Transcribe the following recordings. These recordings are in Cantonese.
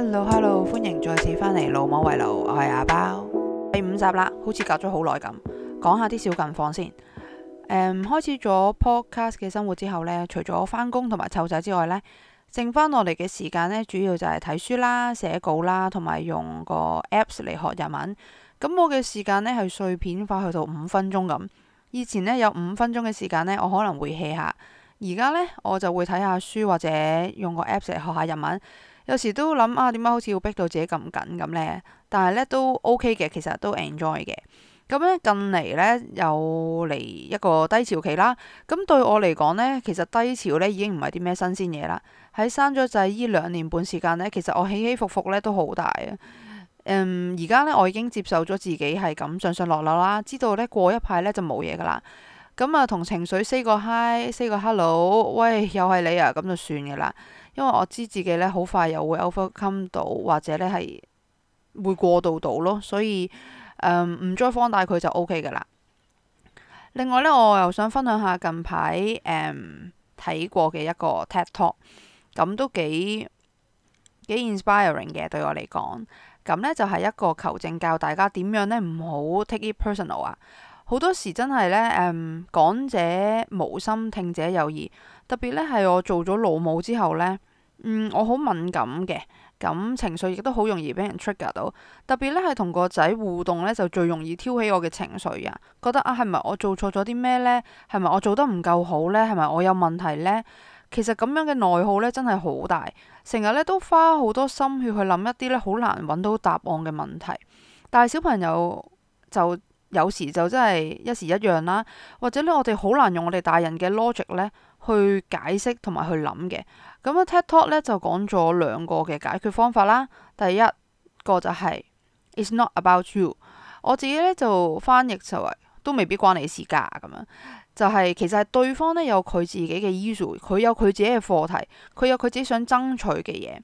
Hello Hello，歡迎再次返嚟老母樹洞，我係阿包第五集啦，好似隔咗好耐咁，講下啲小近況先。誒、嗯，開始咗 podcast 嘅生活之後呢，除咗返工同埋湊仔之外呢，剩翻落嚟嘅時間呢，主要就係睇書啦、寫稿啦，同埋用個 apps 嚟學日文。咁我嘅時間呢，係碎片化，去到五分鐘咁。以前呢，有五分鐘嘅時間呢，我可能會 hea 下，而家呢，我就會睇下書或者用個 apps 嚟學下日文。有時都諗啊，點解好似要逼到自己咁緊咁呢？但係呢都 OK 嘅，其實都 enjoy 嘅。咁呢近嚟呢，又嚟一個低潮期啦。咁對我嚟講呢，其實低潮呢已經唔係啲咩新鮮嘢啦。喺生咗仔呢兩年半時間呢，其實我起起伏伏呢都好大呀。嗯，而家呢，我已經接受咗自己係咁上上落落啦。知道呢過一排呢就冇嘢噶啦。咁啊同情緒 say 個 hi，say 個 hello，喂又係你啊，咁就算噶啦。因為我知自己呢，好快又會 overcome 到，或者呢係會過渡到咯，所以唔、嗯、再放大佢就 O K 嘅啦。另外呢，我又想分享下近排睇、嗯、過嘅一個 TED talk 咁都幾幾 inspiring 嘅，對我嚟講。咁、嗯、呢，就係、是、一個求證教大家點樣呢唔好 take it personal 啊！好多時真係呢，誒、嗯、講者無心，聽者有意。特別咧係我做咗老母之後咧，嗯，我好敏感嘅，咁情緒亦都好容易俾人 trigger 到。特別咧係同個仔互動咧，就最容易挑起我嘅情緒啊！覺得啊，係咪我做錯咗啲咩咧？係咪我做得唔夠好咧？係咪我有問題咧？其實咁樣嘅內耗咧真係好大，成日咧都花好多心血去諗一啲咧好難揾到答案嘅問題。但係小朋友就有時就真係一時一樣啦，或者咧我哋好難用我哋大人嘅 logic 咧，去解釋同埋去諗嘅，咁啊 TED Talk 咧就講咗兩個嘅解決方法啦。第一個就係、是、It's not about you，我自己咧就翻譯就係都未必關你事架咁樣。就係、是、其實係對方呢有佢自己嘅 issue，佢有佢自己嘅課題，佢有佢自己想爭取嘅嘢。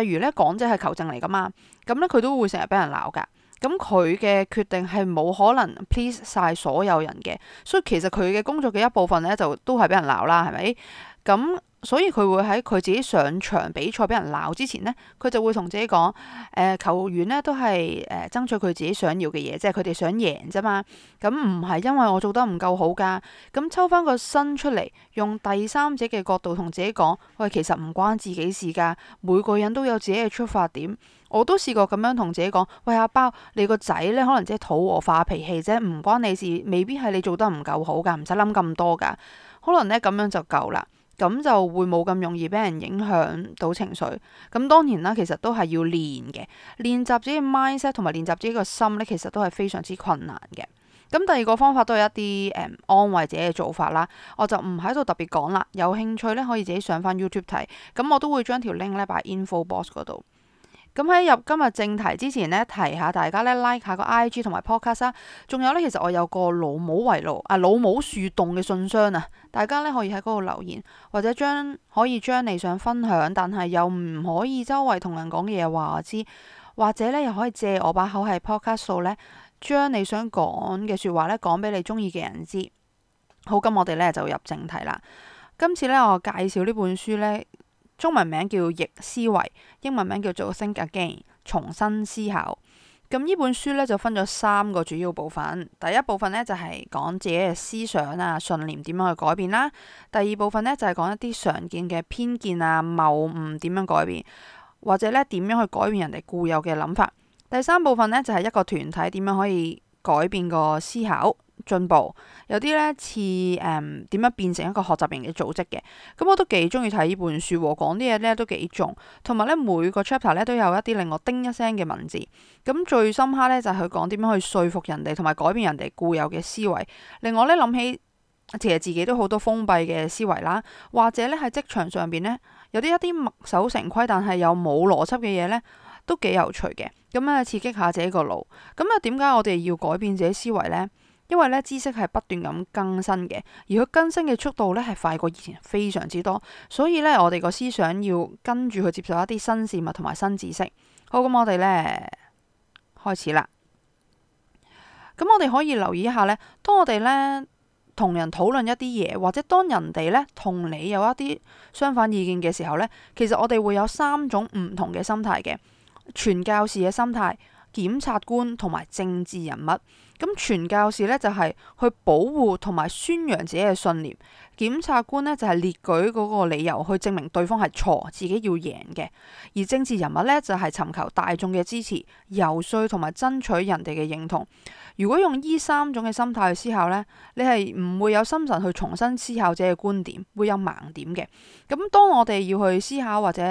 例如呢，港姐係求證嚟噶嘛，咁呢佢都會成日俾人鬧噶。咁佢嘅決定係冇可能 please 晒所有人嘅，所以其實佢嘅工作嘅一部分咧就都係俾人鬧啦，係咪？咁所以佢會喺佢自己上場比賽俾人鬧之前呢，佢就會同自己講：，誒、呃，球員呢，都係誒、呃、爭取佢自己想要嘅嘢，即係佢哋想贏啫嘛。咁唔係因為我做得唔夠好噶，咁抽翻個身出嚟，用第三者嘅角度同自己講：，喂，其實唔關自己事噶，每個人都有自己嘅出發點。我都試過咁樣同自己講，喂，阿包，你個仔呢？可能即係肚餓化脾氣啫，唔關你事，未必係你做得唔夠好噶，唔使諗咁多噶，可能呢，咁樣就夠啦，咁就會冇咁容易俾人影響到情緒。咁當然啦，其實都係要練嘅，練習自己嘅 mindset 同埋練習自己個心呢，其實都係非常之困難嘅。咁第二個方法都係一啲誒、呃、安慰自己嘅做法啦，我就唔喺度特別講啦。有興趣呢，可以自己上翻 YouTube 睇，咁我都會將條 link 咧擺喺 info box 嗰度。咁喺入今日正題之前呢，提下大家呢，like 下個 IG 同埋 podcast。仲有呢，其實我有個老母為奴啊，老母樹洞嘅信箱啊，大家呢，可以喺嗰度留言，或者將可以將你想分享但係又唔可以周圍同人講嘅嘢話我知，或者呢，又可以借我把口係 podcast 呢，將你想講嘅説話呢，講俾你中意嘅人知。好，咁我哋呢就入正題啦。今次呢，我介紹呢本書呢。中文名叫逆思維，英文名叫做 Think Again，重新思考。咁呢本書咧就分咗三個主要部分。第一部分咧就係講自己嘅思想啊、信念點樣去改變啦。第二部分咧就係講一啲常見嘅偏見啊、謬誤點樣改變，或者咧點樣去改變人哋固有嘅諗法。第三部分咧就係一個團體點樣可以改變個思考。進步有啲呢似誒，點樣、嗯、變成一個學習型嘅組織嘅？咁、嗯、我都幾中意睇呢本書，講啲嘢呢都幾重，同埋呢每個 chapter 呢都有一啲令我叮一聲嘅文字。咁、嗯、最深刻呢就係佢講點樣去說，說服人哋，同埋改變人哋固有嘅思維。令我呢，諗起其實自己都好多封閉嘅思維啦，或者呢喺職場上邊呢，有啲一啲墨守成規，但係又冇邏輯嘅嘢呢，都幾有趣嘅。咁啊刺激下自己個腦。咁、嗯、啊，點解我哋要改變自己思維呢？因為呢，知識係不斷咁更新嘅，而佢更新嘅速度呢係快過以前非常之多，所以呢，我哋個思想要跟住去接受一啲新事物同埋新知識。好，咁我哋呢開始啦。咁我哋可以留意一下呢，當我哋呢同人討論一啲嘢，或者當人哋呢同你有一啲相反意見嘅時候呢，其實我哋會有三種唔同嘅心態嘅：傳教士嘅心態、檢察官同埋政治人物。咁傳教士咧，就係、是、去保護同埋宣揚自己嘅信念。檢察官呢，就係列舉嗰個理由去證明對方係錯，自己要贏嘅；而政治人物呢，就係尋求大眾嘅支持、游説同埋爭取人哋嘅認同。如果用依三種嘅心態去思考呢，你係唔會有心神去重新思考自己嘅觀點，會有盲點嘅。咁當我哋要去思考或者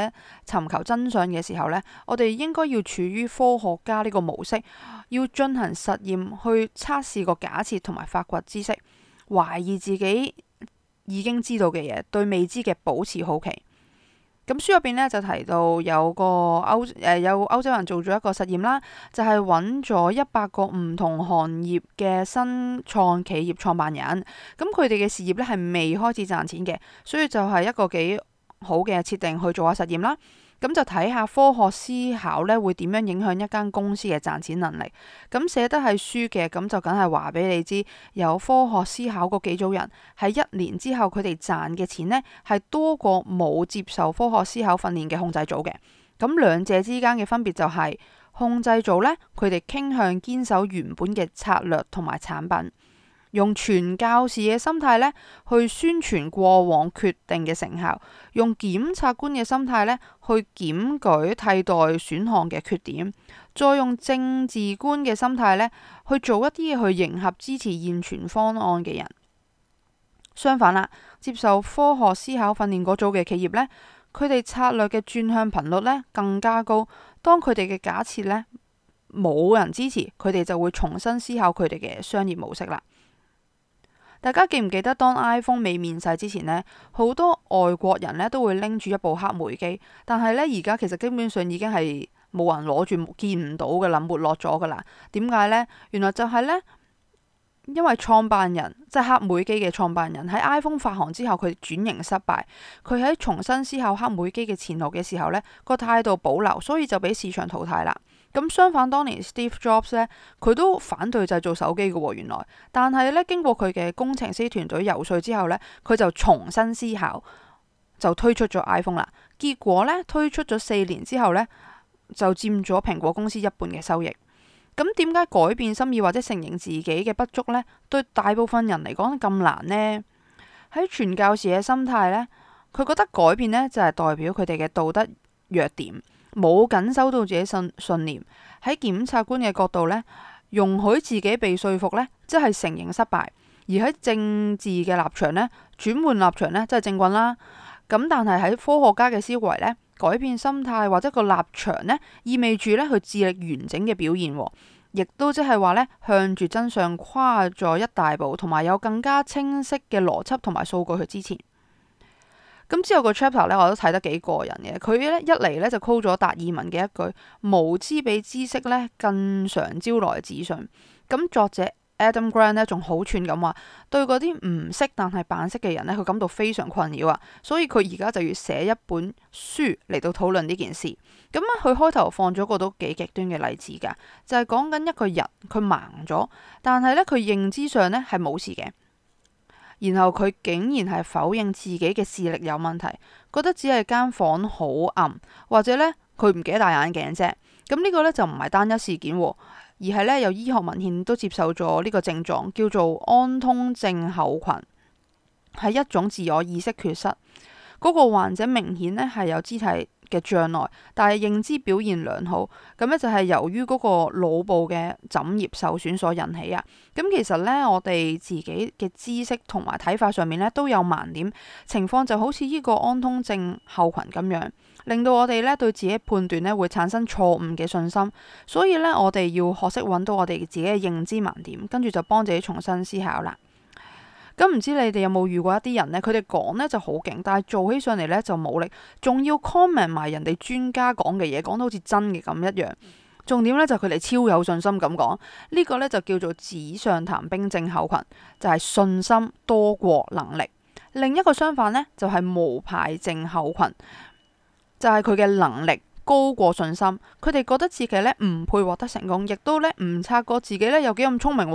尋求真相嘅時候呢，我哋應該要處於科學家呢個模式，要進行實驗去測試個假設同埋發掘知識，懷疑自己。已經知道嘅嘢，對未知嘅保持好奇。咁書入邊咧就提到有個歐誒、呃、有歐洲人做咗一個實驗啦，就係揾咗一百個唔同行業嘅新創企業創辦人，咁佢哋嘅事業咧係未開始賺錢嘅，所以就係一個幾好嘅設定去做下實驗啦。咁就睇下科學思考咧會點樣影響一間公司嘅賺錢能力。咁寫得係書嘅，咁就梗係話俾你知，有科學思考嗰幾組人喺一年之後，佢哋賺嘅錢呢係多過冇接受科學思考訓練嘅控制組嘅。咁兩者之間嘅分別就係控制組呢，佢哋傾向堅守原本嘅策略同埋產品。用傳教士嘅心態呢去宣傳過往決定嘅成效，用檢察官嘅心態呢去檢舉替代選項嘅缺點，再用政治官嘅心態呢去做一啲去迎合支持現存方案嘅人。相反啦，接受科學思考訓練嗰組嘅企業呢，佢哋策略嘅轉向頻率呢更加高。當佢哋嘅假設呢冇人支持，佢哋就會重新思考佢哋嘅商業模式啦。大家記唔記得當 iPhone 未面世之前咧，好多外國人咧都會拎住一部黑莓機，但係咧而家其實基本上已經係冇人攞住，見唔到㗎啦，沒落咗噶啦。點解咧？原來就係咧，因為創辦人即係、就是、黑莓機嘅創辦人喺 iPhone 發行之後，佢轉型失敗，佢喺重新思考黑莓機嘅前途嘅時候咧，個態度保留，所以就俾市場淘汰啦。咁相反，當年 Steve Jobs 咧，佢都反對製造手機嘅喎。原來，但係呢經過佢嘅工程師團隊游說之後呢，佢就重新思考，就推出咗 iPhone 啦。結果呢，推出咗四年之後呢，就佔咗蘋果公司一半嘅收益。咁點解改變心意或者承認自己嘅不足呢，對大部分人嚟講咁難呢？喺傳教士嘅心態呢，佢覺得改變呢就係代表佢哋嘅道德弱點。冇緊收到自己信信念，喺檢察官嘅角度咧，容許自己被說服咧，即係承認失敗；而喺政治嘅立場咧，轉換立場咧，即係政棍啦。咁但係喺科學家嘅思維咧，改變心態或者個立場咧，意味住咧佢智力完整嘅表現，亦都即係話咧向住真相跨咗一大步，同埋有更加清晰嘅邏輯同埋數據去支持。咁之後 chapter 個 chapter 咧，我都睇得幾過癮嘅。佢咧一嚟咧就 quote 咗達爾文嘅一句無知比知識咧更常招來自信。咁作者 Adam Grant 咧仲好串咁話，對嗰啲唔識但係扮識嘅人咧，佢感到非常困擾啊。所以佢而家就要寫一本書嚟到討論呢件事。咁咧，佢開頭放咗個都幾極端嘅例子噶，就係講緊一個人佢盲咗，但係咧佢認知上咧係冇事嘅。然後佢竟然係否認自己嘅視力有問題，覺得只係間房好暗，或者呢，佢唔記得戴眼鏡啫。咁呢個呢，就唔係單一事件，而係呢，有醫學文獻都接受咗呢個症狀，叫做安通症候群，係一種自我意識缺失。嗰個患者明顯呢，係有肢體。嘅障礙，但係認知表現良好，咁咧就係由於嗰個腦部嘅枕葉受損所引起啊。咁其實咧，我哋自己嘅知識同埋睇法上面咧都有盲點，情況，就好似呢個安通症候群咁樣，令到我哋咧對自己判斷咧會產生錯誤嘅信心，所以咧我哋要學識揾到我哋自己嘅認知盲點，跟住就幫自己重新思考啦。咁唔知你哋有冇遇過一啲人呢？佢哋講呢就好勁，但係做起上嚟呢就冇力，仲要 comment 埋人哋專家講嘅嘢，講到好似真嘅咁一樣。重點呢就佢哋超有信心咁講，呢個呢就叫做紙上談兵症候群，就係信心多過能力。另一個相反呢，就係冒牌症候群，就係佢嘅能力高過信心，佢哋覺得自己呢唔配獲得成功，亦都呢唔察覺自己呢有幾咁聰明，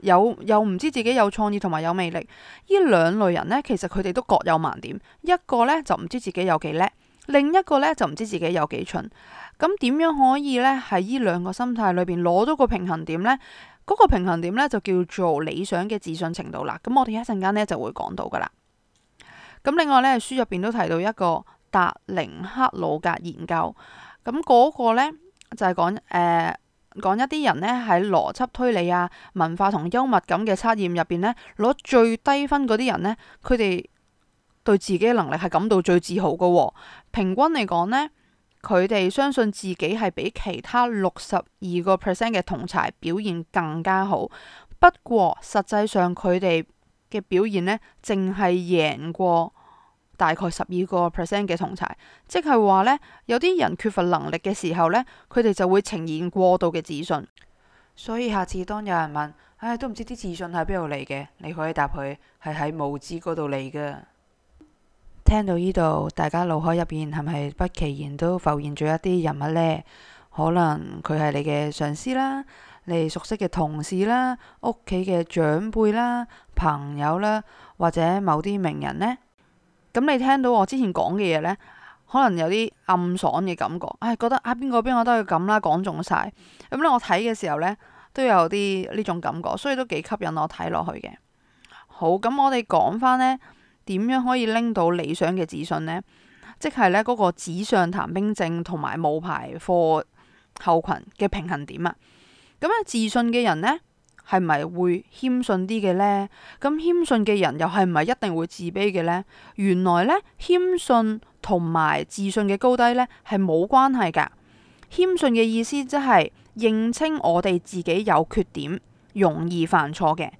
有又唔知自己有創意同埋有魅力。呢兩類人呢，其實佢哋都各有盲點，一個呢，就唔知自己有幾叻，另一個呢，就唔知自己有幾蠢。咁點樣可以呢？喺呢兩個心態裏邊攞到個平衡點呢？嗰個平衡點呢，就叫做理想嘅自信程度啦。咁我哋一陣間呢，就會講到噶啦。咁另外呢，書入邊都提到一個。達寧克魯格研究，咁嗰個呢，就係講誒，講、呃、一啲人呢，喺邏輯推理啊、文化同幽默感嘅測驗入邊呢，攞最低分嗰啲人呢，佢哋對自己嘅能力係感到最自豪嘅、哦。平均嚟講呢，佢哋相信自己係比其他六十二個 percent 嘅同儕表現更加好。不過實際上佢哋嘅表現呢，淨係贏過，大概十二個 percent 嘅同儕，即係話呢，有啲人缺乏能力嘅時候呢，佢哋就會呈現過度嘅自信。所以，下次當有人問，唉、哎，都唔知啲自信喺邊度嚟嘅，你可以答佢係喺無知嗰度嚟噶。聽到呢度，大家腦海入邊係咪不其然都浮現咗一啲人物呢？可能佢係你嘅上司啦，你熟悉嘅同事啦，屋企嘅長輩啦，朋友啦，或者某啲名人呢。咁你聽到我之前講嘅嘢呢，可能有啲暗爽嘅感覺，唉、哎、覺得啊邊個邊個都係咁啦，講中晒。咁咧我睇嘅時候呢，都有啲呢種感覺，所以都幾吸引我睇落去嘅。好，咁我哋講翻呢，點樣可以拎到理想嘅自信呢？即係呢嗰、那個紙上談兵症同埋冒牌貨症候群嘅平衡點啊。咁咧自信嘅人呢？係咪會謙遜啲嘅呢？咁謙遜嘅人又係唔係一定會自卑嘅呢？原來呢，謙遜同埋自信嘅高低呢係冇關係噶。謙遜嘅意思即係認清我哋自己有缺點，容易犯錯嘅；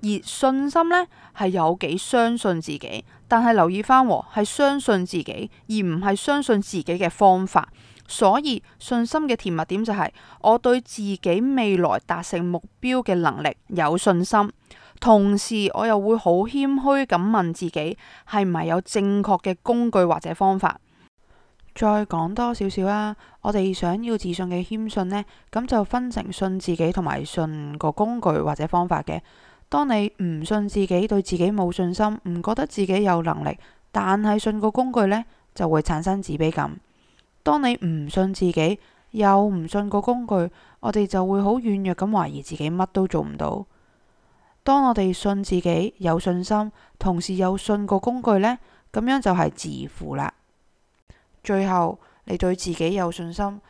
而信心呢係有幾相信自己，但係留意翻係相信自己，而唔係相信自己嘅方法。所以信心嘅甜蜜點就係我對自己未來達成目標嘅能力有信心，同時我又會好謙虛咁問自己係唔係有正確嘅工具或者方法。再講多少少啦，我哋想要自信嘅謙遜呢，咁就分成信自己同埋信個工具或者方法嘅。當你唔信自己，對自己冇信心，唔覺得自己有能力，但係信個工具呢，就會產生自卑感。當你唔信自己，又唔信個工具，我哋就會好軟弱咁懷疑自己，乜都做唔到。當我哋信自己，有信心，同時又信個工具呢，咁樣就係自負啦。最後你對自己有信心，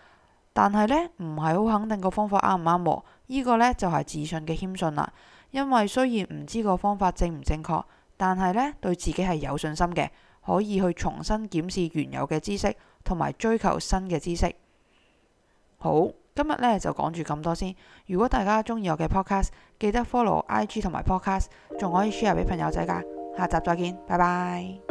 但係呢，唔係好肯定個方法啱唔啱喎。呢個呢就係自信嘅謙遜啦。因為雖然唔知個方法正唔正確，但係呢對自己係有信心嘅，可以去重新檢視原有嘅知識。同埋追求新嘅知識。好，今日呢就講住咁多先。如果大家鍾意我嘅 podcast，記得 follow 我 IG 同埋 podcast，仲可以 share 俾朋友仔㗎。下集再見，拜拜。